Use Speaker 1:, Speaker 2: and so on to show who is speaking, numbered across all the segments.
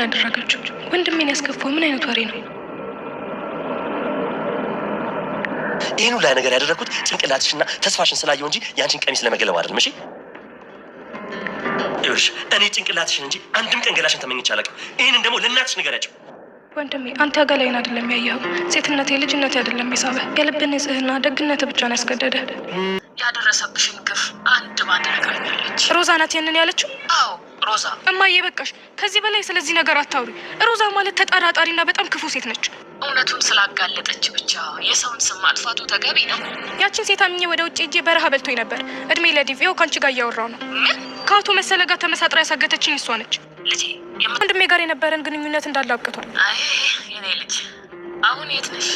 Speaker 1: ምን አደረገችው? ወንድሜን ያስከፋው ምን አይነት ወሬ ነው? ይህን ሁላ ነገር ያደረግኩት ጭንቅላትሽና ተስፋሽን ስላየው እንጂ የአንቺን ቀሚስ ለመገለብ አይደለም። እሺ ይኸውልሽ፣ እኔ ጭንቅላትሽን እንጂ አንድም ቀን ገላሽን ተመኝቼ አላውቅም። ይህንን ደግሞ ለእናትሽ ንገሪያቸው። ወንድሜ አንተ ገላይን አይደለም ያየኸው፣ ሴትነቴ ልጅነቴ አይደለም የሳበ የልብን ንጽህና ደግነት ብቻን ያስገደደ። ያደረሰብሽን ግፍ አንድ ማድረግ አለች። ሮዛ ናት ይህንን ያለችው። አዎ ሮዛ እማዬ፣ በቃሽ። ከዚህ በላይ ስለዚህ ነገር አታውሪ። ሮዛ ማለት ተጣራጣሪና በጣም ክፉ ሴት ነች። እውነቱን ስላጋለጠች ብቻ የሰውን ስም ማጥፋቱ ተገቢ ነው። ያችን ሴት አምኜ ወደ ውጭ እጄ በረሃ በልቶኝ ነበር። እድሜ ለዲቪ ከአንቺ ጋር እያወራው ነው። ከአቶ መሰለ ጋር ተመሳጥራ ያሳገተችኝ እሷ ነች። ወንድሜ ጋር የነበረን ግንኙነት እንዳለ አብቅቷል። የኔ ልጅ፣ አሁን የት ነሽ?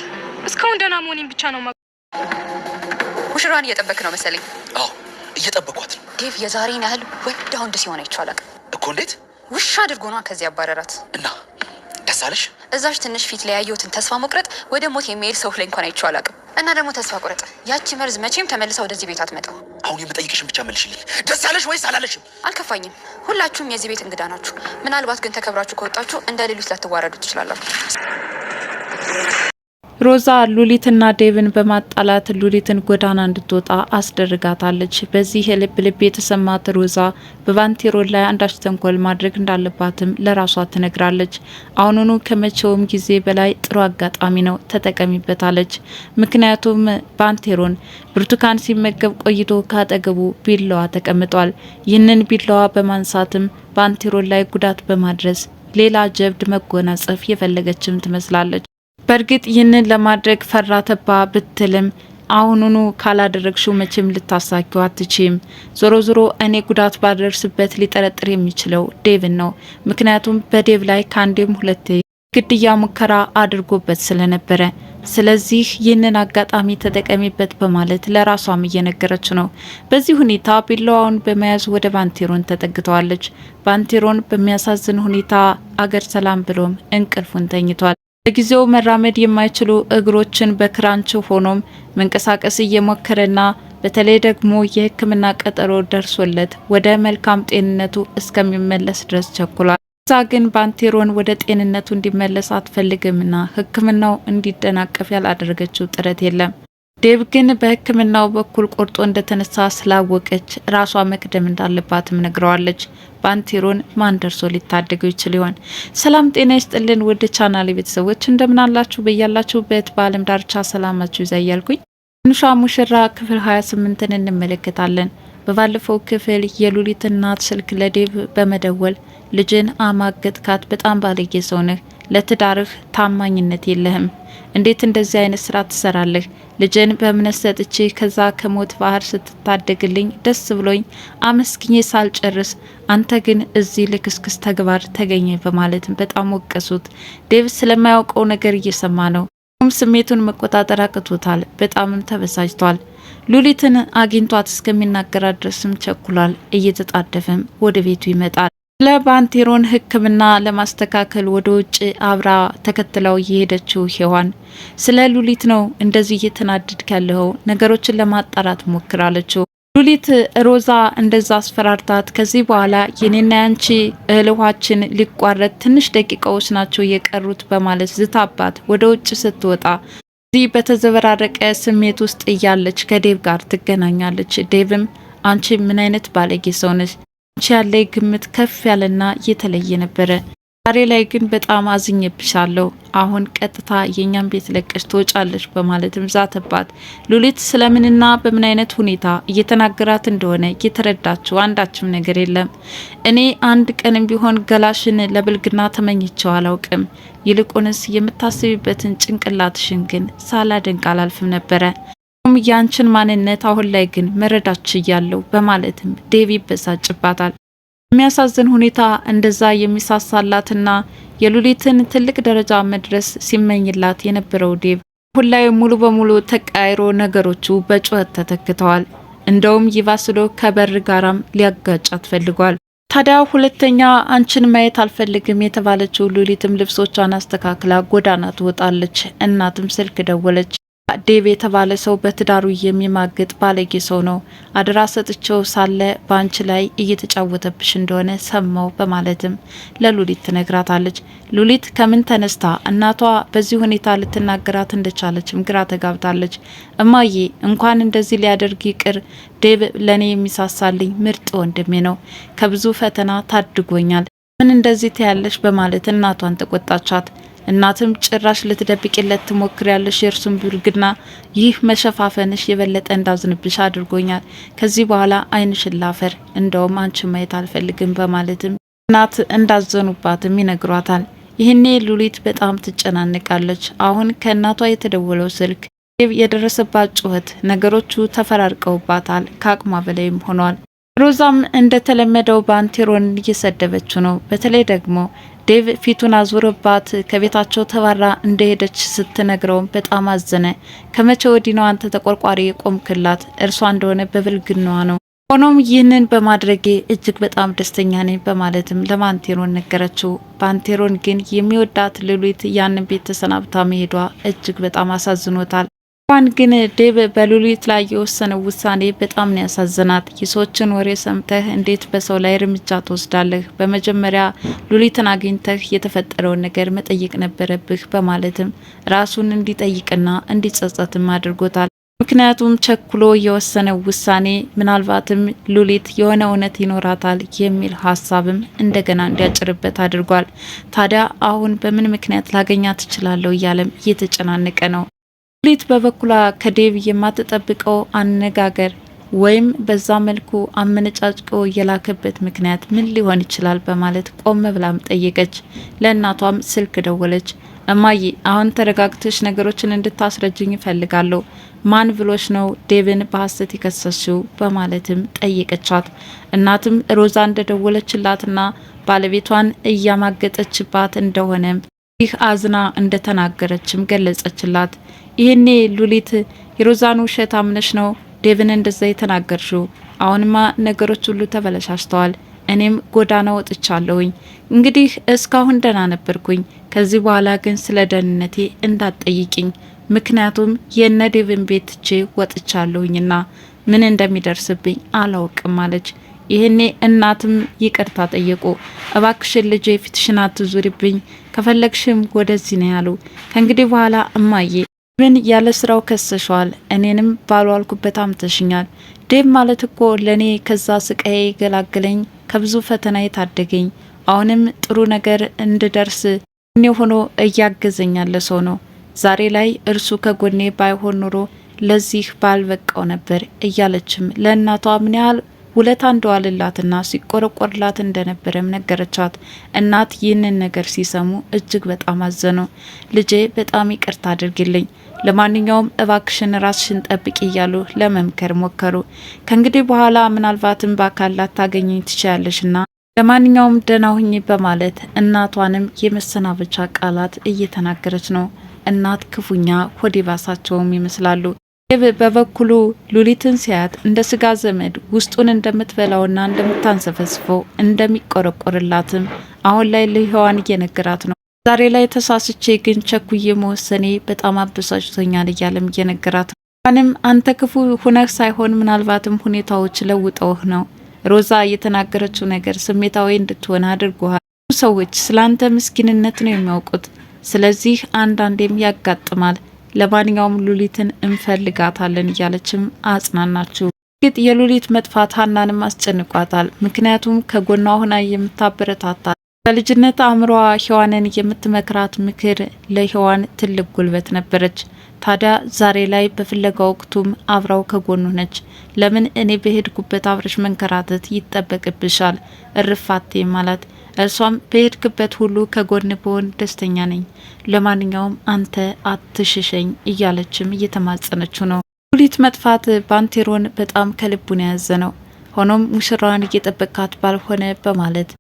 Speaker 1: እስካሁን ደህና መሆኔን ብቻ ነው። ሙሽራን እየጠበክ ነው መሰለኝ። አዎ እየጠበቋት ነው። ዴቭ የዛሬን ያህል ወንድ ወንድ ሲሆን አይቻላል እኮ። እንዴት ውሻ አድርጎ ኗ ከዚህ አባረራት እና ደስ አለሽ። እዛች ትንሽ ፊት ላይ ያየሁትን ተስፋ መቁረጥ ወደ ሞት የሚሄድ ሰው ላይ እንኳን አይቼው አላውቅም። እና ደግሞ ተስፋ ቁረጥ፣ ያቺ መርዝ መቼም ተመልሳ ወደዚህ ቤት አትመጣው። አሁን የምጠይቅሽን ብቻ መልሽልኝ። ደስ አለሽ ወይስ አላለሽም? አልከፋኝም። ሁላችሁም የዚህ ቤት እንግዳ ናችሁ። ምናልባት ግን ተከብራችሁ ከወጣችሁ እንደ ሌሎች ላትዋረዱ ትችላላችሁ። ሮዛ ሉሊትና ዴቭን በማጣላት ሉሊትን ጎዳና እንድትወጣ አስደርጋታለች። በዚህ የልብ ልብ የተሰማት ሮዛ በቫንቴሮን ላይ አንዳች ተንኮል ማድረግ እንዳለባትም ለራሷ ትነግራለች። አሁኑኑ ከመቼውም ጊዜ በላይ ጥሩ አጋጣሚ ነው ተጠቀሚበታለች። ምክንያቱም ቫንቴሮን ብርቱካን ሲመገብ ቆይቶ ካጠገቡ ቢላዋ ተቀምጧል። ይህንን ቢላዋ በማንሳትም ቫንቴሮን ላይ ጉዳት በማድረስ ሌላ ጀብድ መጎናጸፍ የፈለገችም ትመስላለች። በእርግጥ ይህንን ለማድረግ ፈራተባ ብትልም አሁኑኑ ካላደረግሽው መቼም ልታሳኪው አትችም። ዞሮ ዞሮ እኔ ጉዳት ባደርስበት ሊጠረጥር የሚችለው ዴቭን ነው። ምክንያቱም በዴቭ ላይ ከአንዴም ሁለቴ ግድያ ሙከራ አድርጎበት ስለነበረ፣ ስለዚህ ይህንን አጋጣሚ ተጠቀሚበት በማለት ለራሷም እየነገረች ነው። በዚህ ሁኔታ ቢላዋውን በመያዝ ወደ ባንቴሮን ተጠግተዋለች። ባንቴሮን በሚያሳዝን ሁኔታ አገር ሰላም ብሎም እንቅልፉን ተኝቷል። ለጊዜው መራመድ የማይችሉ እግሮችን በክራንች ሆኖም መንቀሳቀስ እየሞከረና በተለይ ደግሞ የሕክምና ቀጠሮ ደርሶለት ወደ መልካም ጤንነቱ እስከሚመለስ ድረስ ቸኩሏል። እዛ ግን ባንቴሮን ወደ ጤንነቱ እንዲመለስ አትፈልግምና ሕክምናው እንዲደናቀፍ ያላደረገችው ጥረት የለም። ዴብ ግን በሕክምናው በኩል ቆርጦ እንደተነሳ ስላወቀች ራሷ መቅደም እንዳለባትም ነግረዋለች። ባንቴሮን ማን ደርሶ ሊታደገው ይችል ይሆን? ሰላም ጤና ይስጥልን ወደ ቻናል ቤተሰቦች እንደምናላችሁ፣ በያላችሁበት በአለም ዳርቻ ሰላማችሁ ይዛ እያልኩኝ ትንሿ ሙሽራ ክፍል 28ን እንመለከታለን። በባለፈው ክፍል የሉሊት እናት ስልክ ለዴብ በመደወል ልጅን አማገጥካት፣ በጣም ባለጌ ሰው ነህ፣ ለትዳርህ ታማኝነት የለህም፣ እንዴት እንደዚህ አይነት ስራ ትሰራለህ ልጅን በእምነት ሰጥቼ ከዛ ከሞት ባህር ስትታደግልኝ ደስ ብሎኝ አመስግኜ ሳልጨርስ አንተ ግን እዚህ ልክስክስ ተግባር ተገኘ በማለትም በጣም ወቀሱት። ዴቭ ስለማያውቀው ነገር እየሰማ ነው። ስሜቱን መቆጣጠር አቅቶታል። በጣምም ተበሳጭቷል። ሉሊትን አግኝቷት እስከሚናገራት ድረስም ቸኩሏል። እየተጣደፈም ወደ ቤቱ ይመጣል። ለባንቴሮን ሕክምና ለማስተካከል ወደ ውጭ አብራ ተከትለው የሄደችው ሔዋን ስለ ሉሊት ነው እንደዚህ እየተናደድክ ያለኸው ነገሮችን ለማጣራት ሞክራለች ሉሊት ሮዛ እንደዛ አስፈራርታት ከዚህ በኋላ የኔና ያንቺ እህል ሊቋረጥ ትንሽ ደቂቃዎች ናቸው የቀሩት በማለት ዝታባት ወደ ውጭ ስትወጣ እዚህ በተዘበራረቀ ስሜት ውስጥ እያለች ከዴቭ ጋር ትገናኛለች። ዴቭም አንቺ ምን አይነት ባለጌ ሰው ነች ያለ ግምት ከፍ ያለና የተለየ ነበረ። ዛሬ ላይ ግን በጣም አዝኜብሻለሁ። አሁን ቀጥታ የእኛን ቤት ለቀሽ ትወጫለሽ በማለትም ዛተባት። ሉሊት ስለምንና በምን አይነት ሁኔታ እየተናገራት እንደሆነ የተረዳችው አንዳችም ነገር የለም። እኔ አንድ ቀንም ቢሆን ገላሽን ለብልግና ተመኝቸው አላውቅም። ይልቁንስ የምታስቢበትን ጭንቅላትሽን ግን ሳላደንቅ አላልፍም ነበረ። ሁም ያንችን ማንነት አሁን ላይ ግን መረዳች እያለው በማለትም ዴቭ ይበሳጭባታል። የሚያሳዝን ሁኔታ እንደዛ የሚሳሳላትና የሉሊትን ትልቅ ደረጃ መድረስ ሲመኝላት የነበረው ዴቭ አሁን ላይ ሙሉ በሙሉ ተቃይሮ ነገሮቹ በጩኸት ተተክተዋል። እንደውም ይባስዶ ከበር ጋራም ሊያጋጫት ፈልጓል። ታዲያ ሁለተኛ አንቺን ማየት አልፈልግም የተባለችው ሉሊትም ልብሶቿን አስተካክላ ጎዳና ትወጣለች። እናትም ስልክ ደወለች። ዴቭ የተባለ ሰው በትዳሩ የሚማግጥ ባለጌ ሰው ነው። አደራ ሰጥቼው ሳለ በአንቺ ላይ እየተጫወተብሽ እንደሆነ ሰማው በማለትም ለሉሊት ትነግራታለች። ሉሊት ከምን ተነስታ እናቷ በዚህ ሁኔታ ልትናገራት እንደቻለችም ግራ ተጋብታለች። እማዬ እንኳን እንደዚህ ሊያደርግ ይቅር፣ ዴቭ ለእኔ የሚሳሳልኝ ምርጥ ወንድሜ ነው። ከብዙ ፈተና ታድጎኛል። ምን እንደዚህ ትያለሽ? በማለት እናቷን ተቆጣቻት። እናትም ጭራሽ ልትደብቅለት ትሞክር ያለሽ የእርሱን ብልግና፣ ይህ መሸፋፈንሽ የበለጠ እንዳዝንብሽ አድርጎኛል። ከዚህ በኋላ ዓይንሽን ላፈር፣ እንደውም አንቺ ማየት አልፈልግም በማለትም እናት እንዳዘኑባትም ይነግሯታል። ይህኔ ሉሊት በጣም ትጨናንቃለች። አሁን ከእናቷ የተደወለው ስልክ የደረሰባት ጩኸት ነገሮቹ ተፈራርቀውባታል። ከአቅሟ በላይም ሆኗል። ሮዛም እንደተለመደው ባንቴሮን እየሰደበችው ነው። በተለይ ደግሞ ዴቭ ፊቱን አዙርባት ከቤታቸው ተባራ እንደሄደች ስትነግረውም በጣም አዘነ። ከመቼ ወዲህ ነው አንተ ተቆርቋሪ ቆምክላት? እርሷ እንደሆነ በብልግናዋ ነው። ሆኖም ይህንን በማድረጌ እጅግ በጣም ደስተኛ ነኝ በማለትም ለባንቴሮን ነገረችው። ባንቴሮን ግን የሚወዳት ሉሊት ያንን ቤት ተሰናብታ መሄዷ እጅግ በጣም አሳዝኖታል። ሄዋን ግን ዴብ በሉሊት ላይ የወሰነው ውሳኔ በጣም ነው ያሳዘናት። የሰዎችን ወሬ ሰምተህ እንዴት በሰው ላይ እርምጃ ትወስዳለህ? በመጀመሪያ ሉሊትን አግኝተህ የተፈጠረውን ነገር መጠየቅ ነበረብህ በማለትም ራሱን እንዲጠይቅና እንዲጸጸትም አድርጎታል። ምክንያቱም ቸኩሎ የወሰነው ውሳኔ ምናልባትም ሉሊት የሆነ እውነት ይኖራታል የሚል ሀሳብም እንደገና እንዲያጭርበት አድርጓል። ታዲያ አሁን በምን ምክንያት ላገኛት እችላለሁ እያለም እየተጨናነቀ ነው። ሉሊት በበኩሏ ከዴቭ የማትጠብቀው አነጋገር ወይም በዛ መልኩ አመነጫጭቆ የላከበት ምክንያት ምን ሊሆን ይችላል በማለት ቆም ብላም ጠየቀች። ለእናቷም ስልክ ደወለች። እማዬ አሁን ተረጋግተሽ ነገሮችን እንድታስረጅኝ እፈልጋለሁ። ማን ብሎች ነው ዴቭን በሐሰት የከሰስሽው? በማለትም ጠየቀቻት። እናትም ሮዛ እንደደወለችላትና ባለቤቷን እያማገጠችባት እንደሆነም ይህ አዝና እንደተናገረችም ገለጸችላት። ይህኔ ሉሊት የሮዛን ውሸት አምነሽ ነው ዴቭን እንደዛ የተናገርሽው። አሁንማ ነገሮች ሁሉ ተበለሻሽተዋል። እኔም ጎዳና ወጥቻለሁኝ። እንግዲህ እስካሁን ደህና ነበርኩኝ። ከዚህ በኋላ ግን ስለ ደህንነቴ እንዳትጠይቅኝ፣ ምክንያቱም የነ ዴቭን ቤት ትቼ ወጥቻለሁኝና ምን እንደሚደርስብኝ አላውቅም አለች። ይህኔ እናትም ይቅርታ ጠየቁ። እባክሽን ልጄ ፊትሽን አትዙሪብኝ፣ ከፈለግሽም ወደዚህ ነው ያሉ። ከእንግዲህ በኋላ እማዬ ምን ያለ ስራው ከሰሸዋል። እኔንም ባልዋልኩበት አምተሽኛል። ዴቭ ማለት እኮ ለእኔ ከዛ ስቃይ ገላግለኝ ከብዙ ፈተና የታደገኝ፣ አሁንም ጥሩ ነገር እንድደርስ እኔ ሆኖ እያገዘኝ ያለ ሰው ነው። ዛሬ ላይ እርሱ ከጎኔ ባይሆን ኖሮ ለዚህ ባልበቃው ነበር እያለችም ለእናቷ ምን ያህል ውለታ እንደዋለላትና ሲቆረቆርላት እንደነበረም ነገረቻት። እናት ይህንን ነገር ሲሰሙ እጅግ በጣም አዘኑ። ልጄ በጣም ይቅርታ አድርግልኝ፣ ለማንኛውም እባክሽን ራስሽን ጠብቂ እያሉ ለመምከር ሞከሩ። ከእንግዲህ በኋላ ምናልባትም በአካል ላታገኘኝ ትችያለሽና ለማንኛውም ደህና ሁኚ በማለት እናቷንም የመሰናበቻ ቃላት እየተናገረች ነው። እናት ክፉኛ ሆዴ ባሳቸውም ይመስላሉ። ዴቭ በበኩሉ ሉሊትን ሲያያት እንደ ስጋ ዘመድ ውስጡን እንደምትበላውና እንደምታንሰፈስፈው እንደሚቆረቆርላትም አሁን ላይ ለሔዋን እየነገራት ነው። ዛሬ ላይ ተሳስቼ ግን ቸኩዬ መወሰኔ በጣም አበሳጭቶኛል እያለም እየነገራት ነው። ሔዋንም አንተ ክፉ ሁነህ ሳይሆን ምናልባትም ሁኔታዎች ለውጠውህ ነው ሮዛ የተናገረችው ነገር ስሜታዊ እንድትሆን አድርጓል። ሰዎች አንተ ምስኪንነት ነው የሚያውቁት። ስለዚህ አንዳንዴም ያጋጥማል ለማንኛውም ሉሊትን እንፈልጋታለን እያለችም አጽናናችሁ። እርግጥ የሉሊት መጥፋት ሀናንም አስጨንቋታል። ምክንያቱም ከጎኗ ሆና የምታበረታታ በልጅነት አእምሯ ሔዋንን የምትመክራት ምክር ለሔዋን ትልቅ ጉልበት ነበረች። ታዲያ ዛሬ ላይ በፍለጋ ወቅቱም አብራው ከጎኑ ነች። ለምን እኔ በሄድኩበት አብረሽ መንከራተት ይጠበቅብሻል? እርፋቴ ማለት እርሷም በሄድክበት ሁሉ ከጎን በሆን ደስተኛ ነኝ፣ ለማንኛውም አንተ አትሽሸኝ እያለችም እየተማጸነችው ነው። ሉሊት መጥፋት ባንቴሮን በጣም ከልቡን የያዘ ነው። ሆኖም ሙሽራዋን እየጠበቃት ባልሆነ በማለት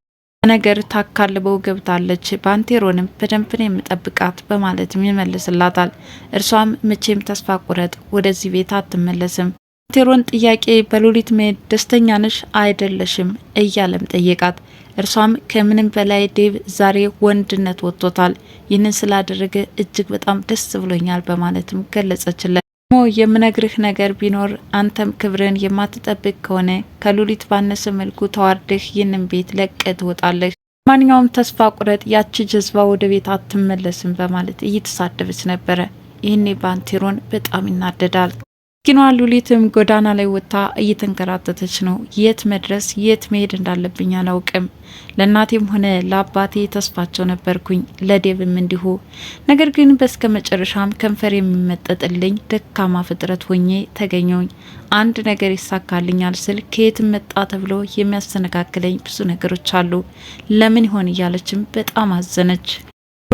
Speaker 1: ነገር ታካልበው ገብታለች፣ ባንቴሮንም በደንብን የምጠብቃት በማለትም ይመልስላታል። እርሷም መቼም ተስፋ ቁረጥ፣ ወደዚህ ቤት አትመለስም። ባንቴሮን ጥያቄ በሉሊት መሄድ ደስተኛ ነሽ አይደለሽም እያለም ጠየቃት። እርሷም ከምንም በላይ ዴቭ ዛሬ ወንድነት ወጥቶታል፣ ይህንን ስላደረገ እጅግ በጣም ደስ ብሎኛል በማለትም ገለጸችለት። ሞ የምነግርህ ነገር ቢኖር አንተም ክብርን የማትጠብቅ ከሆነ ከሉሊት ባነሰ መልኩ ተዋርደህ ይህንን ቤት ለቀ ትወጣለህ። ማንኛውም ተስፋ ቁረጥ፣ ያቺ ጀዝባ ወደ ቤት አትመለስም በማለት እየተሳደበች ነበረ። ይህኔ ባንቴሮን በጣም ይናደዳል። ኪኗ ሉሊትም ጎዳና ላይ ወጥታ እየተንከራተተች ነው። የት መድረስ የት መሄድ እንዳለብኝ አላውቅም። ለእናቴም ሆነ ለአባቴ ተስፋቸው ነበርኩኝ፣ ለዴብም እንዲሁ። ነገር ግን በስከ መጨረሻም ከንፈር የሚመጠጥልኝ ደካማ ፍጥረት ሆኜ ተገኘውኝ። አንድ ነገር ይሳካልኛል ስል ከየትም መጣ ተብሎ የሚያስተነካክለኝ ብዙ ነገሮች አሉ። ለምን ይሆን እያለችም በጣም አዘነች።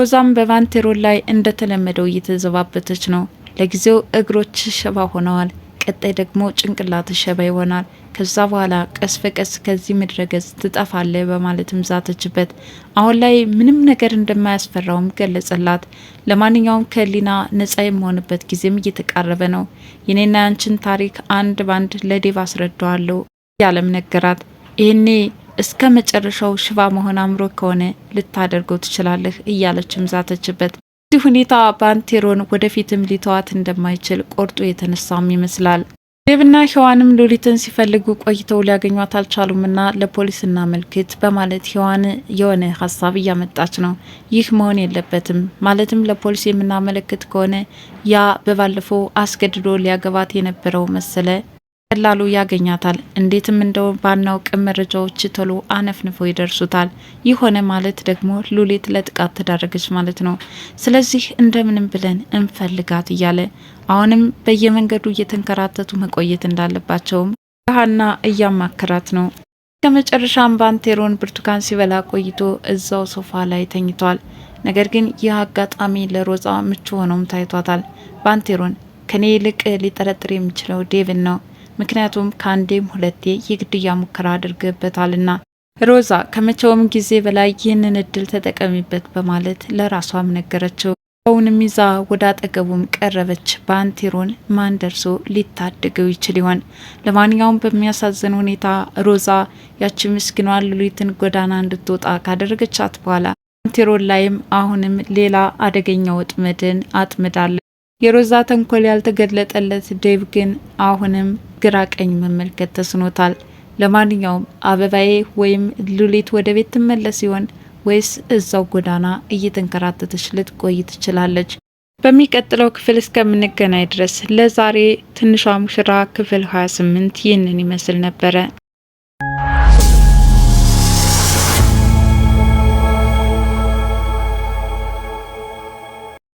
Speaker 1: ሮዛም በቫንቴሮን ላይ እንደተለመደው እየተዘባበተች ነው። ለጊዜው እግሮች ሽባ ሆነዋል። ቀጣይ ደግሞ ጭንቅላት ሽባ ይሆናል። ከዛ በኋላ ቀስ በቀስ ከዚህ ምድረ ገጽ ትጠፋለህ በማለትም ዛተችበት። አሁን ላይ ምንም ነገር እንደማያስፈራውም ገለጸላት። ለማንኛውም ከሊና ነጻ የምሆንበት ጊዜም እየተቃረበ ነው። የኔና ያንችን ታሪክ አንድ ባንድ ለዴቭ አስረዳዋለሁ ያለም ነገራት። ይህኔ እስከ መጨረሻው ሽባ መሆን አምሮ ከሆነ ልታደርገው ትችላለህ እያለችም ዛተችበት። ይህ ሁኔታ ባንቴሮን ወደፊትም ሊተዋት እንደማይችል ቆርጦ የተነሳም ይመስላል። ዴብና ሔዋንም ሉሊትን ሲፈልጉ ቆይተው ሊያገኟት አልቻሉምና ለፖሊስና እናመልክት በማለት ሔዋን የሆነ ሀሳብ እያመጣች ነው። ይህ መሆን የለበትም ማለትም ለፖሊስ የምናመለክት ከሆነ ያ በባለፈው አስገድዶ ሊያገባት የነበረው መሰለ ቀላሉ ያገኛታል። እንዴትም እንደው ባናውቅም መረጃዎች ቶሎ አነፍንፎ ይደርሱታል። ይህ ሆነ ማለት ደግሞ ሉሊት ለጥቃት ተዳረገች ማለት ነው። ስለዚህ እንደምንም ብለን እንፈልጋት እያለ አሁንም በየመንገዱ እየተንከራተቱ መቆየት እንዳለባቸውም ሀና እያማከራት ነው። ከመጨረሻም ባንቴሮን ብርቱካን ሲበላ ቆይቶ እዛው ሶፋ ላይ ተኝቷል። ነገር ግን ይህ አጋጣሚ ለሮዛ ምቹ ሆኖም ታይቷታል። ባንቴሮን ከኔ ይልቅ ሊጠረጥር የሚችለው ዴቪን ነው ምክንያቱም ከአንዴም ሁለቴ የግድያ ሙከራ አድርገበታልና። ሮዛ ከመቼውም ጊዜ በላይ ይህንን እድል ተጠቀሚበት በማለት ለራሷም ነገረችው። አሁንም ይዛ ወደ አጠገቡም ቀረበች። በአንቴሮን ማን ደርሶ ሊታደገው ይችል ይሆን? ለማንኛውም በሚያሳዝን ሁኔታ ሮዛ ያቺ ምስኪኗ ሉሊትን ጎዳና እንድትወጣ ካደረገቻት በኋላ አንቴሮን ላይም አሁንም ሌላ አደገኛ ወጥመድን አጥምዳለ የሮዛ ተንኮል ያልተገለጠለት ዴቭ ግን አሁንም ግራ ቀኝ መመልከት ተስኖታል። ለማንኛውም አበባዬ ወይም ሉሊት ወደ ቤት ትመለስ ሲሆን ወይስ እዛው ጎዳና እየተንከራተተች ልትቆይ ትችላለች? በሚቀጥለው ክፍል እስከምንገናኝ ድረስ ለዛሬ ትንሿ ሙሽራ ክፍል 28 ይህንን ይመስል ነበረ።